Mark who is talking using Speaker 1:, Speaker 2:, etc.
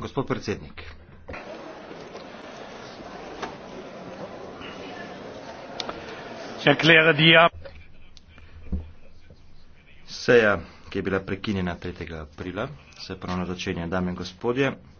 Speaker 1: Gospod predsednik.
Speaker 2: Seja, ki je bila
Speaker 3: prekinjena 3. aprila, se ponovno začenja dame in gospodje.